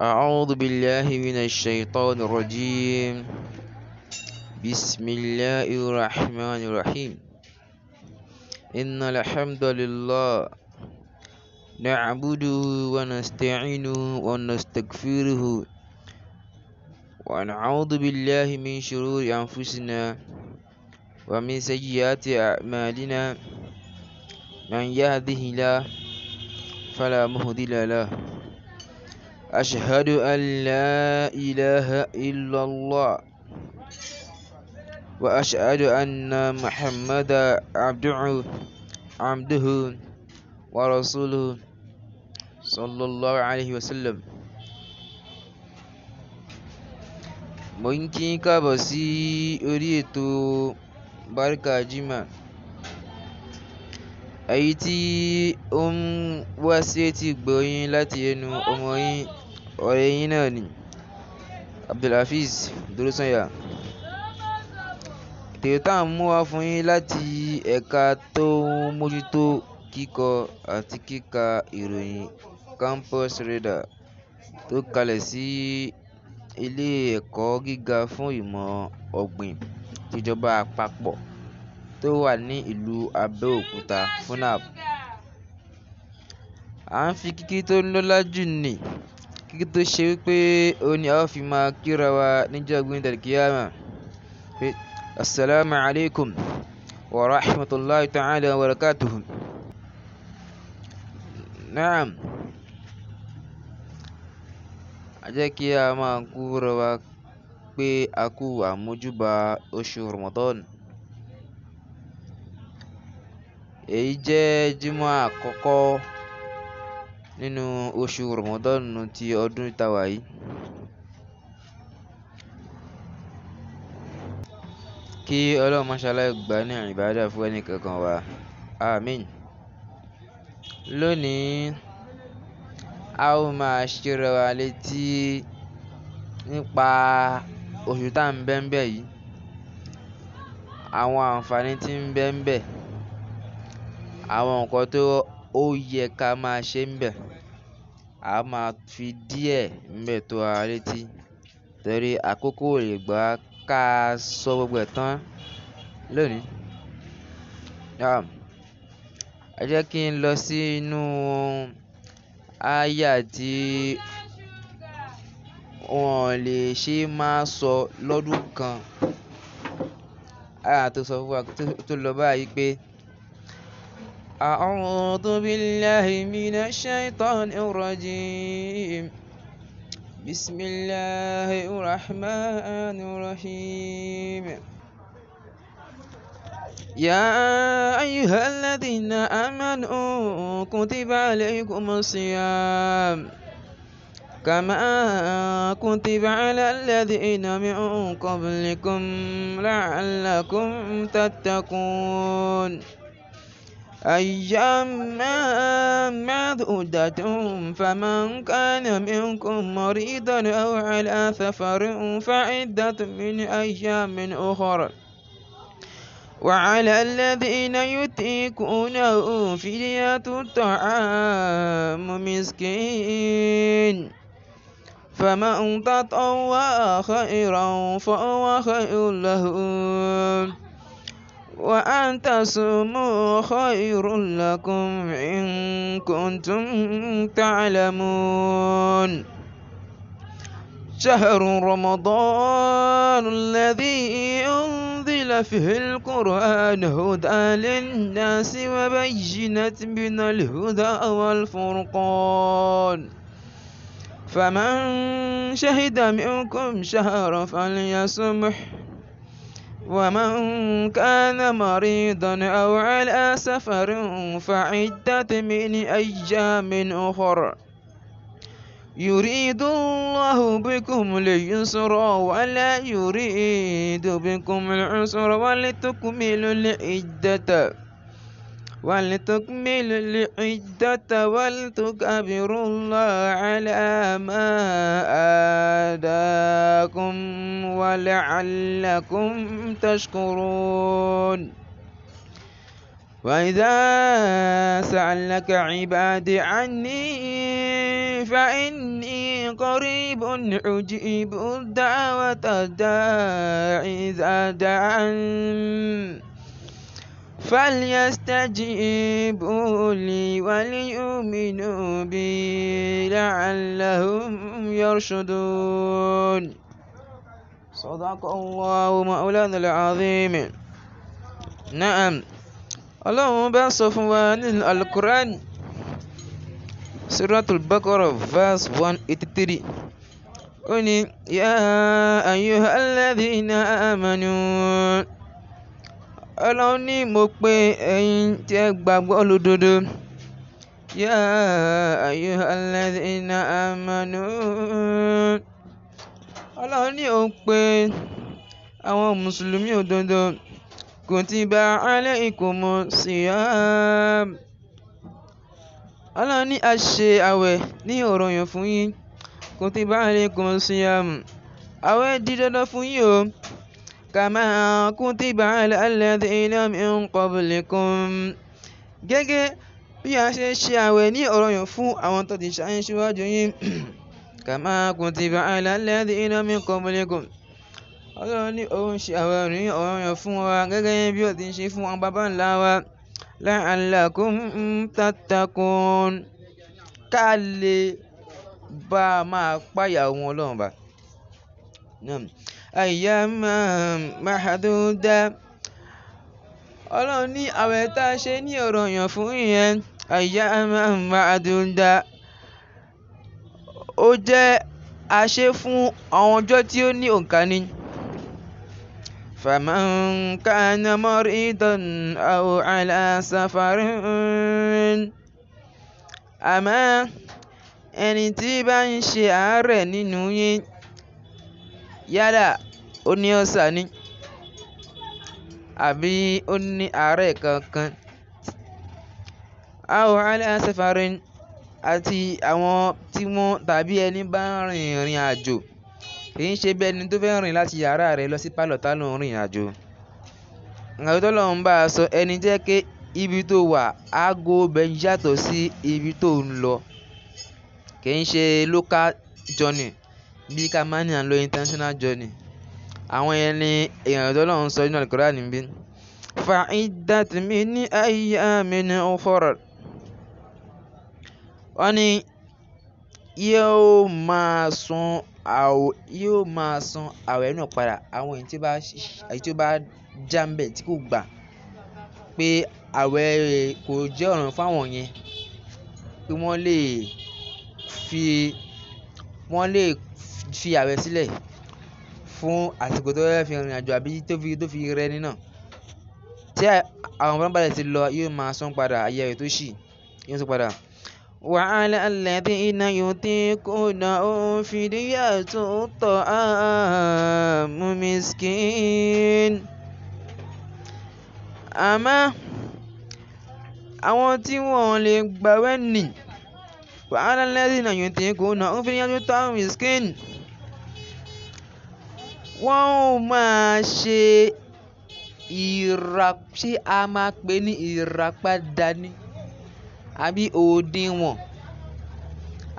أعوذ بالله من الشيطان الرجيم بسم الله الرحمن الرحيم إن الحمد لله نعبده ونستعينه ونستغفره ونعوذ بالله من شرور أنفسنا ومن سيئات أعمالنا من يهده الله فلا مهدي له أشهد أن لا إله إلا الله وأشهد أن محمد عبده عبده ورسوله صلى الله عليه وسلم ممكن كابسي أريد بركة جمع أيتي أم وسيتي بوين لاتينو أمين ọ̀rẹ́ yín náà ni Abdulhafiz Dúrósànyà tòyótà ń mú wá fún yín láti ẹ̀ka tó ń mójútó kíkọ àti kíka ìròyìn campus radar tó kalẹ̀ sí ilé ẹ̀kọ́ gíga fún ìmọ̀ ọ̀gbìn tìjọba àpapọ̀ tó wà ní ìlú Abẹ́òkúta FUNAB à ń fi kíkí tó lọ́lá jù ní kí tó ṣe wípé òun ni a ó fi máa kíra wa níjọ́ ọ̀gbìn dàlkíyàmà pé asalaamu alaykum wa rahmatulahi ta'ala wa barakatuhu. Naam a jẹ́ kí a máa kúra wa pé a kú àmójúbà oṣù Ramadan èyí jẹ́ jímọ̀ àkọ́kọ́ nínú oṣù Ramadan ti ọdún táwà yìí. Kí Ọlọ́run má ṣaláì gbà ní ìbádà fún ẹnì kankan wa. Àmín. Lónìí, a ó máa ṣíra wa létí nípa oṣù tá ń bẹ́ ń bẹ̀ yìí, àwọn àǹfààní tí ń bẹ́ àwọn nǹkan tó ó yẹ ká máa ṣe níbẹ̀. A máa fi díẹ̀ ńbẹ̀ tó ara létí torí àkókò ò lè gbà ká sọ gbogbo ẹ̀ tán lónìí. Ẹ jẹ́ kí n lọ sínú áyà tí wọ́n lè ṣe máa sọ lọ́dún kan. Áyà tó sọ fún wa tó lọ báyìí pé. أعوذ بالله من الشيطان الرجيم بسم الله الرحمن الرحيم يا أيها الذين آمنوا كتب عليكم الصيام كما كتب على الذين من قبلكم لعلكم تتقون أيام معدودة فمن كان منكم مريضا أو على سفر فعدة من أيام أخرى وعلى الذين يتيكونه فدية الطعام مسكين فمن تطوى خيرا فهو خير له وأن تصوموا خير لكم إن كنتم تعلمون شهر رمضان الذي أنزل فيه القرآن هدى للناس وبينت من الهدى والفرقان فمن شهد منكم شهر فليصمح ومن كان مريضا أو على سفر فعدة من أيام أخر يريد الله بكم اليسر ولا يريد بكم العسر ولتكملوا العدة ولتكمل العدة ولتكبروا الله على ما آداكم ولعلكم تشكرون وإذا سألك عبادي عني فإني قريب أجيب الدعوة الداعي إذا دعان فليستجيبوا لي وليؤمنوا بي لعلهم يرشدون صدق الله مولانا العظيم نعم اللهم بارك في القرآن سورة البقرة فاس 183 قل يا أيها الذين آمنوا Ọlọ́run ní mo pé ẹ̀yin tí ẹ gbàgbọ́ olódodo. Ya ayyuhal ladhina amanu. Ọlọ́run ní òun pé àwọn Mùsùlùmí òdodo. Kutiba alaykumu siyam. Ọlọ́run ní a ṣe àwẹ̀ ní ọ̀ranyàn fún yín. Kutiba alaykumu siyam. Àwẹ̀ di dandan fún yín o. كما كتب على الذين من قبلكم gẹ́gẹ́ bí a ṣe ṣe àwẹ̀ ní ọ̀ranyàn fún àwọn tó ti ṣáájú yín kama kutiba ala alladhina min qablikum ọlọ́run ní òun ṣe àwẹ̀ ní ọ̀ranyàn fún wa gẹ́gẹ́ bí ó ti ṣe fún àwọn baba ńlá wa la'allakum tattaqun ká lè bá a máa páyà ohun ọlọ́run bá. أياما معدودة ọlọ́run ní àwẹ̀ tá a ṣe ní ọ̀ranyàn fún ìyẹn أياما معدودة ó jẹ́ a fún àwọn ọjọ́ tí ó ní òǹkà ni. فمن كان مريضا أو على سفر àmọ́ ẹni tí bá ń ṣe àárẹ̀ nínú yín yálà ó ní ọ̀sà ni àbí ó ní àárẹ̀ kankan aw ala safarin àti àwọn tí wọ́n tàbí ẹni bá ń rin ìrìn àjò kì í ṣe bí ẹni tó fẹ́ rìn láti yàrá rẹ̀ lọ sí pálọ̀ tá ló ń rìn àjò àwọn tó bá a sọ ẹni jẹ́ pé ibi tó wà aago ibẹ̀ yàtọ̀ sí ibi tó ń lọ kì í ṣe local journey bí ká máa ní à ń intentional journey. Àwọn yẹn ni ìrìnàjò tí Ọlọ́run sọ nínú Al-Qur'an níbí. Fa'iddat min ayyamin ukhar. Wọ́n ní yóò máa san àwò, yóò máa san àwẹ̀ náà padà. Àwọn èyí tí ó bá, èyí tí ó bá jám̀bẹ̀ tí kò gbà pé àwẹ̀ rẹ̀ kò jẹ́ ọ̀ràn fún àwọn yẹn pé wọ́n lè fi, wọ́n lè fi ààwẹ̀ sílẹ̀ fún àsìkò tó fẹ́ fi rìnrìn àjò àbí tó fi tó fi rẹni náà tí àwọn ọmọ bá ti lọ yóò máa san padà ayé rẹ̀ tó ṣì yóò san padà. وعلى الذين يطيقونه فدية طعام مسكين àmọ́ àwọn tí wọ́n lè gbàwẹ̀ nì وعلى الذين يطيقونه فدية طعام مسكين wọ́n ó máa ṣe ìrà, ṣé a máa pè ní ìràpadà ni? Àbí òdiwọ̀n?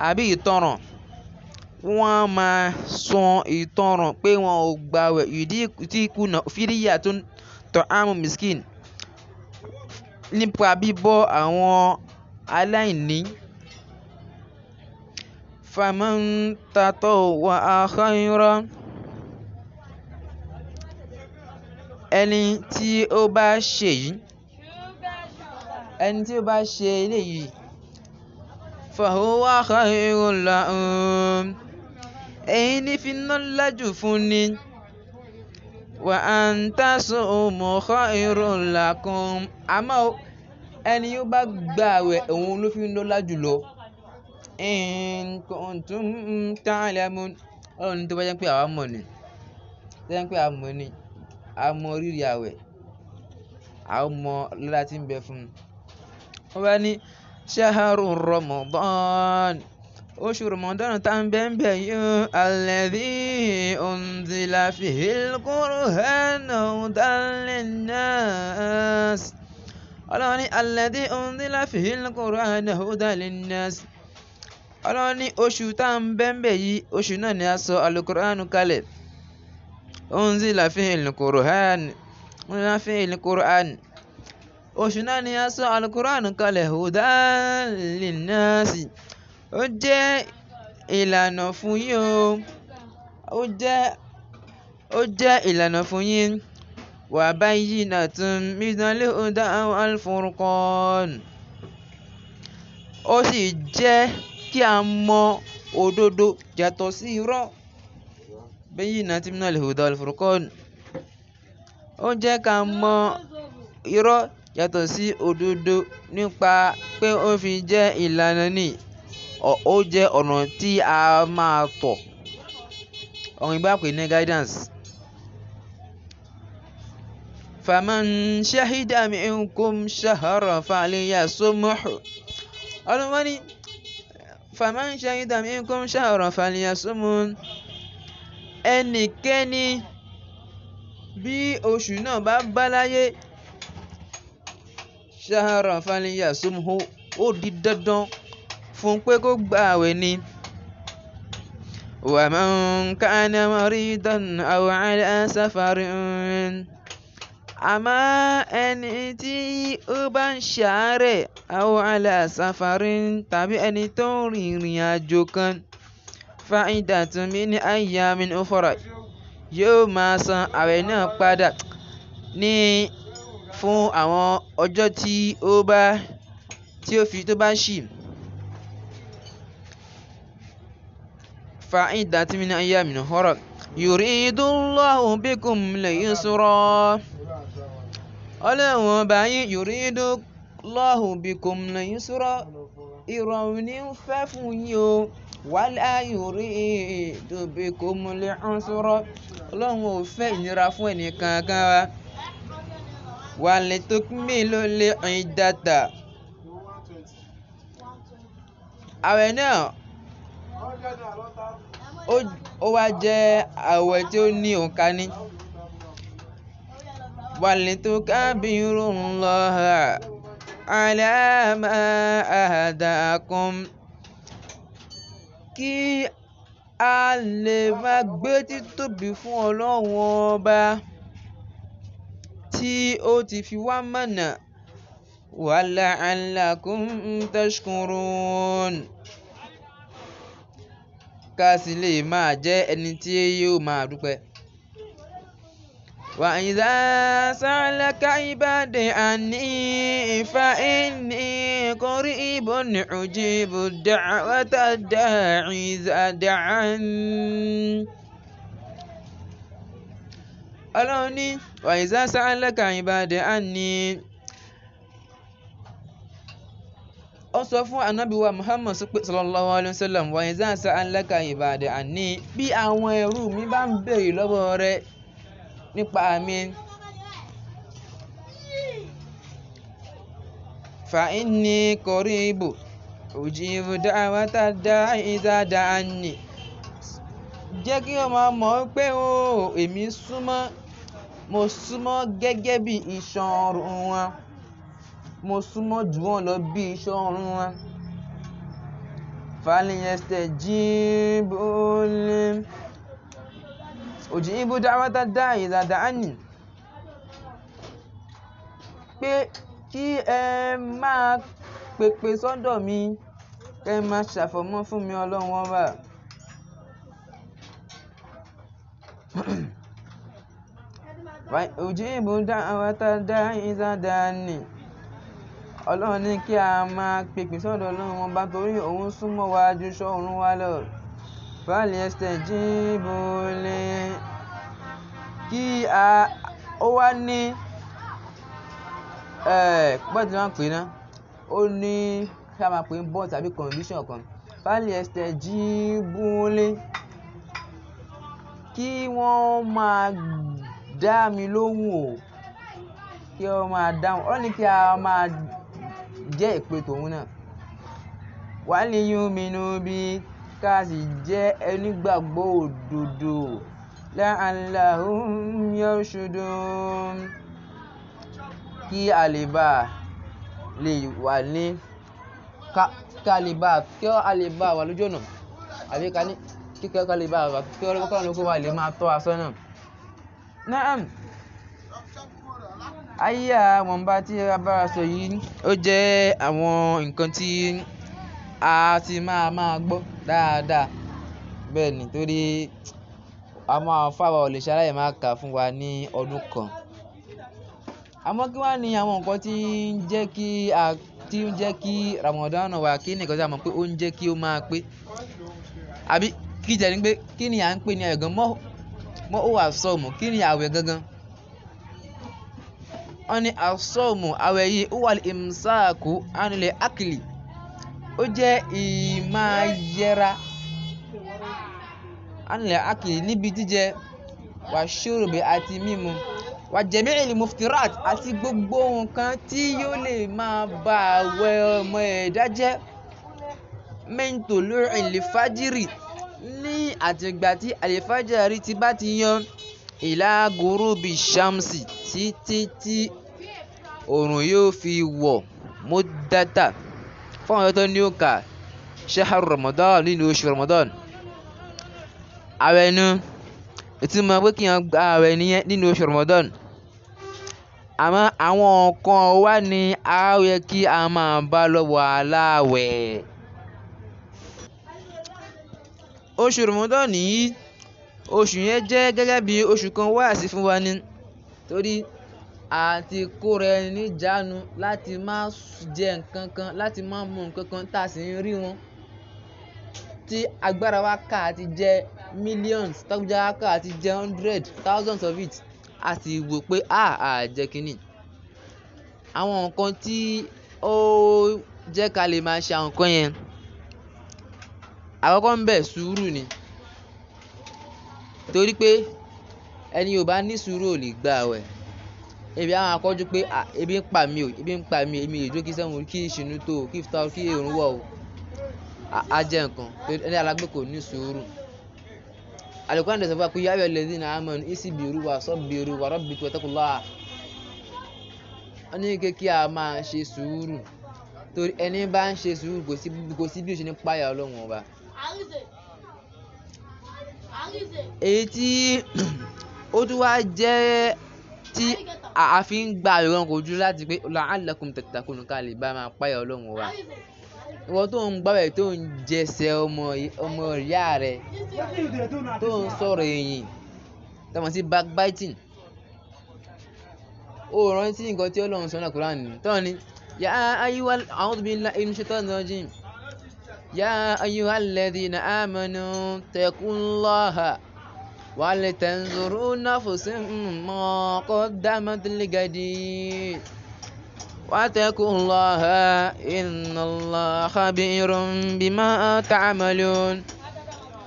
Àbí ìtanràn? Wọ́n á máa sọ ìtanràn pé wọn ò gbàwẹ̀, ìdí ikùnà, fídíyà tó ń tọ́ ámù miskin nípa bíbọ́ àwọn aláìní. Faman tatawwa khayran. ẹni tí ó bá ṣe èyí, ẹni tí ó bá ṣe eléyìí, fahuwa khayrun lahu. Èyí ni fi lọ́lá jù fún ni. Wa an tasumu khayrun lakum. Àmọ́ o, ẹni ó bá gba àwẹ̀, òun ló fi ń lọ́lá jù lọ. In kuntum ta'lamun. Ọlọ́run ní tó bá jẹ́ pé àwa mọ̀ ni. Tó bá jẹ́ pé a mọ̀ ni a mọ rírì àwẹ̀, a mọ ọlá tí ń bẹ fún un. Wọ́n wá ní ṣaharu Ramadan. Oṣù Ramadan tá ń bẹ ń bẹ yóò alladhi unzila fihil Qur'anu hudan linnas. Ọlọ́run ní alladhi unzila fihil Qur'anu hudan linnas. Ọlọ́run ní oṣù tá ń bẹ ń bẹ yìí, oṣù náà ni a sọ Al-Qur'anu kalẹ̀ unzila fihi al-Qur'an unzila fihi al-Qur'an oṣù náà ni a sọ al-Qur'an kalẹ̀ hudan linnasi ó jẹ́ ìlànà fún yín o ó jẹ́ ó jẹ́ ìlànà fún yín wa bayyinatun minal huda wal furqan ó sì jẹ́ kí a mọ òdodo yàtọ̀ sí irọ́ bayyinati minal huda wal furqan ó ń jẹ́ ká mọ irọ́ yàtọ̀ sí òdodo nípa pé ó fi jẹ́ ìlànà ni ó jẹ́ ọ̀nà tí a máa tọ̀ ọ̀run ìbá pè ní guidance. faman shahida minkum shahara falyasumuhu ọlọ́wọ́n ní faman shahida minkum shahara falyasumuhu ẹnikẹ́ni bí oṣù náà bá bá láyé ṣahara fàlíyà sómùhó ó di dandan fún pé kó gba àwẹ̀ ni. ومن كان مريضا أو على سفر àmọ́ ẹni tí ó bá ń ṣàárẹ̀ أو على سفر tàbí ẹni tó ń rìnrìn àjò kan fa'idatu min ayyamin ukhra yóò máa san àwẹ̀ náà padà ní fún àwọn ọjọ́ tí ó bá tí ó fi tó bá ṣì. fa'idatu min ayyamin ukhra yuridullahu bikum al-yusra ọlọ́run ọba yín yuridullahu bikum al-yusra ìrọ̀rùn ní ń fẹ́ fún yín o wàlá yorì tóbi kò múlẹ̀ ń sọ̀rọ̀ ọlọ́run ò fẹ́ ìnira fún ẹnì kankan wa wàlẹ̀ tó mí ló lé ẹyin dàtà àwẹ̀ náà ó wá jẹ́ àwẹ̀ tí ó ní òǹkà ní wàlẹ̀ tó kábírù ńlọ́ha aláàmà àdàkùn kí a lè máa gbé títóbi fún Ọlọ́run Ọba tí ó ti fi wá mọ̀nà وَلَعَلَّكُمْ تَشْكُرُونَ ká sì lè máa jẹ́ ẹni tí yóò máa dúpẹ́. وإذا سألك عبادي عني فإني قريب أجيب الدعوة الداعي إذا دعان Ọlọ́run ní wàyíṣà sàlẹ́kà ìbàdí àní ó sọ fún anábìwá Muhammad sallallahu alayhi wa sallam wàyíṣà sàlẹ́kà ìbàdí àní bí àwọn ẹrú mi bá ń béèrè lọ́wọ́ rẹ̀ nípa mi. Fa'inni kọ̀ríbù, ujibu da'wata da'i iza da'anni. Jẹ́ kí wọ́n máa mọ̀ pé ooo èmi súnmọ́, mo súnmọ́ gẹ́gẹ́ bí iṣan ọrùn wọn. Mo súnmọ́ jù wọ́n lọ bí iṣan ọrùn wọn. Fal yastajibu li ujibu da'wata da'i idha da'ani pé kí ẹ máa pèpè sọ́dọ̀ mi kẹ́ ẹ máa ṣàfọ̀mọ́ fún mi ọlọ́run ọba. ujibu da'wata da'i idha da'ani ọlọ́run ní kí a máa pèpè sọ́dọ̀ ọlọ́run ọba torí òun súnmọ́ wa ju ṣọ́ wa lọ falyastajibu li kí a ó wá ní pọ́ọ̀tì tí wọ́n pè ná ó ní kí a máa pè ń bọ́ tàbí condition kan falyastajibu li kí wọ́n máa dá mi lóhùn o kí wọ́n máa dáhùn ó ní kí a máa jẹ́ ìpè tòun náà wàá lè yún mi nú bíi ká sì jẹ́ onígbàgbọ́ òdodo la'allahum yarshudun kí a lè bá lè wà ní ká lè bá kí a lè bá wà lójú ọ̀nà àbí ká ní kíkẹ́ ká lè bá wà kí ọlọ́kọ́ ló kó wa lè máa tọ́ aṣọ náà. Naam ayé àwọnba tí a bára sọ yìí ó jẹ́ àwọn nǹkan tí a ti máa máa gbọ́ dáadáa. Bẹ́ẹ̀ ni, torí àwọn àlfàá wa ò lè ṣaláì máa kà fún wa ní ọdún kan. Àmọ́ kí wá ní àwọn nǹkan tí ń jẹ́ kí a, tí ń jẹ́ kí Ramadan wa kí nìkan tí a mọ̀ pé ó ń jẹ́ kí ó máa pé. Àbí kí tiẹ̀ ní pé kí ni à ń pè ní àwẹ̀ gan? Mọ́, mọ́ ó àsọ̀mù. Kí ni àwẹ̀ gangan? Wọ́n ní àsọ̀mù, àwẹ̀ yìí ó wà ní ìmùsáàkù, ànilẹ̀ ákìlì ó jẹ́ ìmáyẹra anilẹ̀ akìlì níbi jíjẹ wà ṣòròbì àti mímu wà jẹ̀mí ìlú muftirat àti gbogbo nǹkan tí yóò lè máa ba àwẹ̀ ọmọ ẹ̀dá jẹ́ mẹ́ńtò lórí ìlẹ̀fájìrì ní àtìgbà tí àlẹ́fájìrì ti bá ti yan ìlàgòrò bíi ṣàmùsì títí tí òòrùn yóò fi wọ̀ mọ́dátà fún àwọn tó ní òǹkà ṣahar Ramadan nínú oṣù Ramadan àwẹ̀ nu ìtumọ̀ pé kí wọ́n gba àwẹ̀ nìyẹn nínú oṣù Ramadan àmọ́ àwọn kan wá ní a kí a máa bá lọ́wọ́ aláwẹ̀ oṣù Ramadan yìí oṣù yẹn jẹ́ gẹ́gẹ́ bí oṣù kan wáàsí fún wa ni torí àti kóra ẹni níjàánu láti má jẹ nǹkan kan, láti má mu nǹkan kan tá sì ń rí wọn. Tí agbára wa ká àti jẹ millions, tí agbára wa ká àti jẹ hundred, thousands of it, a sì wò pé à á jẹ kíni. Àwọn nǹkan tí ó jẹ́ ká lè máa ṣe àwọn nǹkan yẹn. Àkọ́kọ́ ń bẹ̀ sùúrù ni. Torí pé ẹni ò bá ní sùúrù ò lè gba àwẹ̀ ebi á máa kọjú pé ah, ebi ń pa mí o ebi ń pa mí èmi lè dúró kí sẹ́wọ̀n kí ìṣìnú tó o kí ìfúta o kí èrún wọ̀ o á jẹ́ nǹkan ẹni alágbé kò ní sùúrù. alukóra ní ìsọfúnwa pé yá ayọ̀ lẹ́dí náà mọ̀ ní ìsì bìrù wà sọ bìrù wà rọ́bì tó ẹ̀tẹ́kù lọ́wọ́. wọ́n ní ike kí a máa ṣe sùúrù torí ẹni bá ń ṣe sùúrù kò sí bí o ṣe ní páyà ọlọ́run ọba. èyí tí ó tún wá jẹ́ tí a fi ń gba ìran kò ju láti pé la'allakum tattaqun ká lè bá máa páyà ọlọ́run wa ìwọ tó ń gbàwẹ̀ tó ń jẹsẹ̀ ọmọ ìyá rẹ tó ń sọ̀rọ̀ èyìn tọmọ sí backbiting ó rántí nǹkan tí ọlọ́run sọ náà Qur'an ni tọ́ ni yà á ayíwá a'udhu billahi minash shaitanir rajim yà á ayíwá alladhina amanu taqullaha. ولتنظر نفس ما قدمت لجديد واتقوا الله إن الله خبير بما تعملون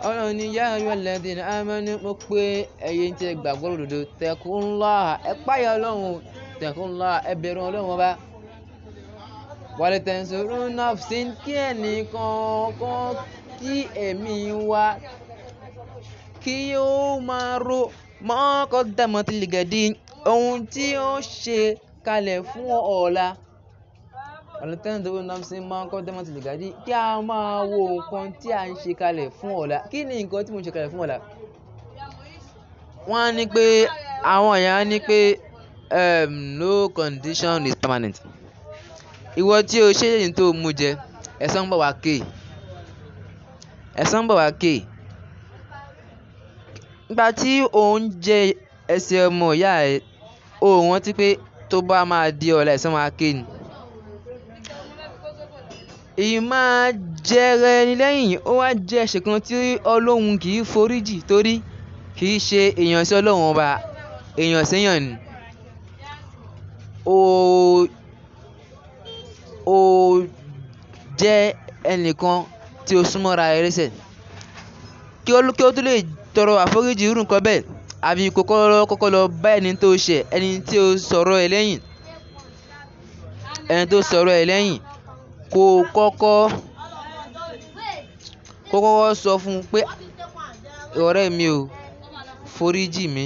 ọlọ́run ní yá ayọ́ ẹlẹ́dìn amẹ́ni mo pé ẹ̀yin tí ẹ gbàgbọ́ òdodo tẹ̀kún ńlá ẹ páyà ọlọ́run tẹ̀kún ńlá ẹ ọlọ́run ọba. wàlẹ̀tẹ̀sọ̀rọ̀ náà ṣe kí ẹnì kọ̀ọ̀kan kí ẹ̀mí wa kí máa ro mọ́ kọ́dàmọ́tìlìgẹ̀dì ohun tí ó ṣe kalẹ̀ fún ọ̀la. ọ̀làtẹ́ni tó ń dáhùn sí mọ́ kọ́dàmọ́tìlìgẹ̀dì kí a máa wo nǹkan tí a ń ṣe kalẹ̀ fún ọ̀la. kí ni nǹkan tí mo ṣe kalẹ̀ fún ọ̀la? wọ́n á ní pé àwọn èèyàn á ní pé ehm, no condition is permanent. ìwọ tí o ṣe èyí tó mú jẹ ẹ̀san ń bọ̀ wá ké ẹ̀san ń bọ̀ wá ké. Ìgbà tí ò ń jẹ ẹsẹ̀ ọmọ ìyá ẹ, o ò rántí pé tó bá máa di ọ̀la ẹ̀san máa ké ni. Èyí máa jẹra ẹni lẹ́yìn, ó wá jẹ́ ẹ̀ṣẹ̀ kan tí Ọlọ́run kì í foríjì torí kì í ṣe èèyàn sí Ọlọ́run ọba, èèyàn sí èèyàn ni. O, o jẹ́ ẹnìkan tí o súnmọ́ ra Kí ó tó lè tọrọ àforíjì irú nǹkan bẹ́ẹ̀ àbí kó kọ́kọ́ lọ bá ẹni tó ṣẹ̀ ẹni tí ó sọ̀rọ̀ ẹ̀ lẹ́yìn ẹni tó sọ̀rọ̀ ẹ̀ lẹ́yìn kó kọ́kọ́ kó kọ́kọ́ sọ fún un pé ọ̀rẹ́ mi ò foríjì mi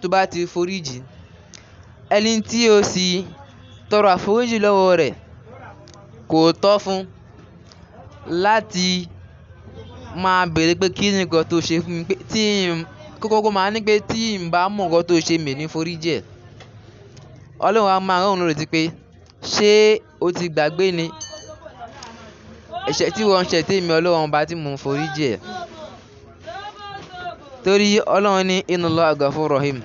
tó bá ti foríjì ẹni tí ó sì tọrọ àforíjì lọ́wọ́ rẹ̀ kò tọ́ fún láti máa bèèrè pé kí ni nǹkan tó ṣe fún mi pé tí n máa ní pé tí n bá mọ̀ nǹkan tó ṣe mi ní forí jẹ. Ọlọ́run a máa ti pé ṣé o ti gbàgbé ni? Ẹ̀ṣẹ̀ tí wọ́n ń ṣẹ̀ tèmi Ọlọ́run bá tí mò ń forí jẹ. Torí Ọlọ́run ní innallaha ghafurur rahim.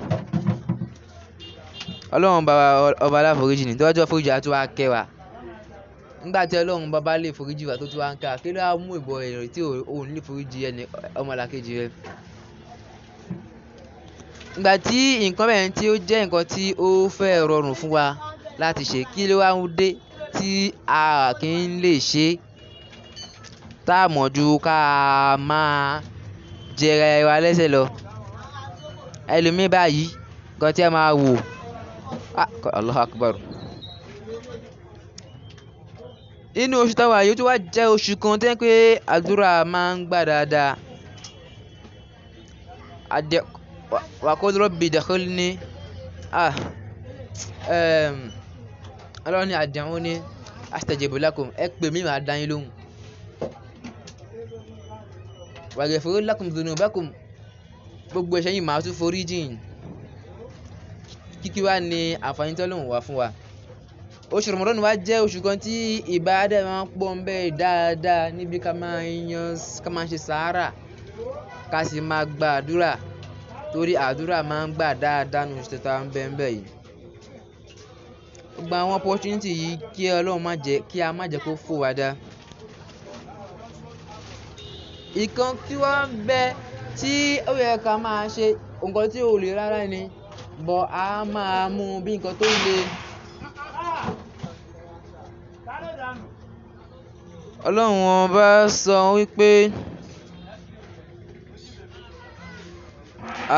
Ọlọ́run ni, a tún nígbà tí ọlọ́run bàbá lè foríjì wa tó tún wá ń ká kí ló á mú ìbọn èèyàn tí òun lè foríjì ẹni ọmọlàkejì rẹ. ìgbà tí nǹkan bẹ́ẹ̀ tí ó jẹ́ nǹkan tí ó fẹ́ rọrùn fún wa láti ṣe kí ló wá ń dé tí a kì í lè ṣe tá a mọ̀ ju ká a máa jẹra ẹwa lẹ́sẹ̀ lọ ẹlòmíì báyìí nǹkan tí a máa wò. Ah, Allah akbar. Nínú oṣù táwà yìí ó tún wá jẹ́ oṣù kan tó jẹ́ pé àdúrà máa ń gbà dáadáa. Àdẹ waqul rabbi idkhilni ah ehm Ọlọ́run ní ad'uni astajib lakum. Ẹ pè mí màá dá yín lóhùn. Waghfir lakum dhunubakum. Gbogbo ẹ̀ṣẹ̀ yín màá tún forí jìn. Kí wá ni àǹfààní tí Ọlọ́run wá fún wa? oṣù Ramadan wa jẹ́ oṣù kan tí ìbáadà máa ń pọ̀ ń bẹ́ẹ̀ dáadáa níbi ká máa yan ká máa ṣe sàárà ká sì máa gba àdúrà torí àdúrà máa ń gbà dáadáa ní oṣù tẹta ń bẹ́ẹ̀ bẹ́ẹ̀ yìí. Gba àwọn opportunity yìí kí Ọlọ́run má jẹ́ kí a má jẹ́ kó fò wá dá. Ìkan tí wọ́n bẹ tí ó yẹ ká máa ṣe nǹkan tí ò le rárá ni bọ̀ á máa mú bí nǹkan tó le. Ọlọ́run ọba sọ wípé.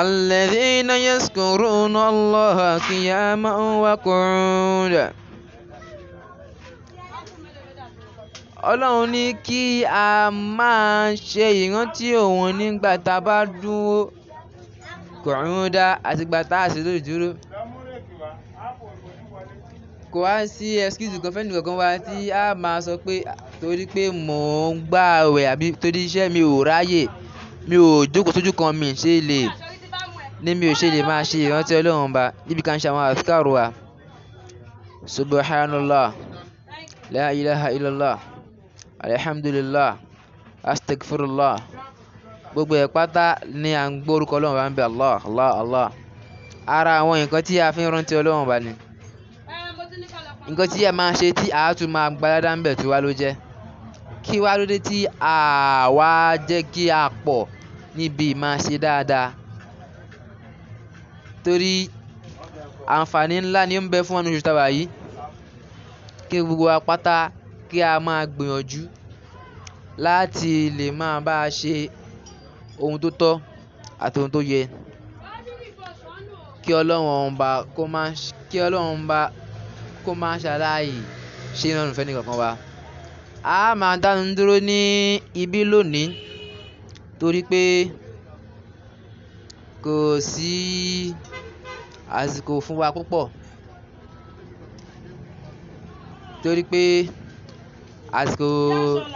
الذين يذكرون الله قياما وقعودا ọlọ́run ní kí a máa ṣe ìrántí òun nígbà tá a bá dúró kọ̀ọ̀rúndá àti ìgbà tá a sì lórí dúró kò wá sí excuse kan fẹ́ni kankan wa tí a máa sọ pé torí pé mò ń gbàwẹ̀ àbí torí iṣẹ́ mi ò ráyè, mi ò jókòó sójú kan mi ṣe lè, ní mi ò ṣe lè máa ṣe ìrántí Ọlọ́run ba níbi ká ṣe àwọn azkar wa. Subhanallah, la ilaha illallah, alhamdulillah, astaghfirullah. Gbogbo ẹ̀ pátá ni à ń gbó Ọlọ́run bá ń bẹ Allah, Allah, Allah. Ara àwọn nǹkan tí a fi ń rántí Ọlọ́run bá ni. Ǹkan tí a máa ṣe tí a tún máa gba ládá ń bẹ̀ tún wá ló jẹ́. Kí wá ló dé tí àwa jẹ́ kí a pọ̀ níbi máa ṣe dáadáa? Torí àǹfààní ńlá ni ó ń bẹ fún wa nínú oṣù táwà yìí. Kí gbogbo wa pátá kí a máa gbìyànjú láti lè máa bá ṣe ohun tó tọ́ àti ohun tó yẹ. Kí Ọlọ́run ọba kó máa, kí Ọlọ́run ọba kó máa ṣaláì ṣe ìrọ̀rùn fún ẹnìkankan wa a máa dánu dúró ní ibí lónìí torí pé kò sí àsìkò fún wa púpọ̀ torí pé àsìkò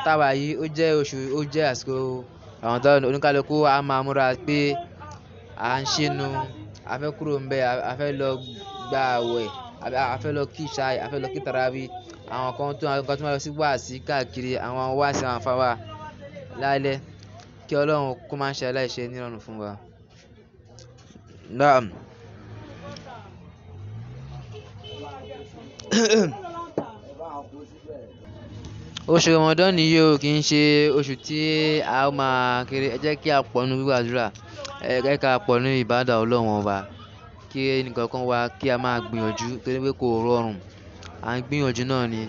táwa yìí ó jẹ́ oṣù ó jẹ́ àsìkò àwọn tó oníkálukú a máa múra pé à ń ṣẹnu a fẹ́ kúrò ń bẹ̀ a fẹ́ lọ gba àwẹ̀ a fẹ́ lọ kí ṣáì a fẹ́ lọ kí tàràwí àwọn kan tó àwọn kan tó máa lọ sí wáàsí káàkiri àwọn wáàsí àwọn afáwà lálẹ́ kí ọlọ́run kó máa ń ṣe aláìṣe nírọ̀rùn fún wa. Naam. oṣù Ramadan yìí o kì í ṣe oṣù tí a máa kéré ẹ jẹ́ kí a pọ̀ nínú gbígbàdúrà ẹ jẹ́ kí a pọ̀ nínú ìbádà ọlọ́run ọba kí ẹnìkankan wa kí a máa gbìyànjú torí pé kò rọrùn à ń gbìyànjú náà ni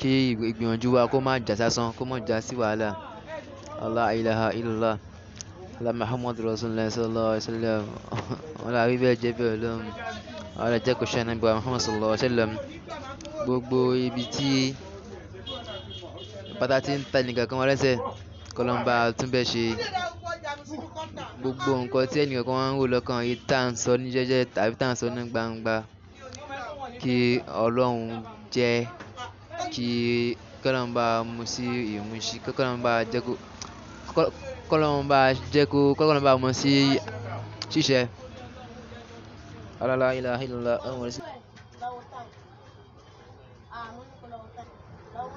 kí ìgbìyànjú wa kó má jà sásán kó má jà sí wàhálà allah ilaha illallah allah muhammadu rasulullah sallallahu alaihi wa sallam ọlá àbí bẹ́ẹ̀ jẹ́ bẹ́ẹ̀ lọ́hùn ọlá jẹ́ kò ṣe ànábì wa muhammadu sallallahu sallam gbogbo ibi tí pátá ti ń ta nìkan kan wọ́n rẹ́sẹ̀ kọlọ́mbà túnbẹ̀ ṣe gbogbo nǹkan tí ẹnìkan kan ń wò lọ́kàn yìí tá à ń sọ ní jẹ́jẹ́ tàbí tá à ń sọ ní gbangba kí Ọlọ́run jẹ́ kí Ọlọ́run bá mu sí ìmúṣí kí Ọlọ́run bá jẹ́ kó kí Ọlọ́run bá jẹ́ kó kí sí ṣíṣẹ. alala ilaha illallah.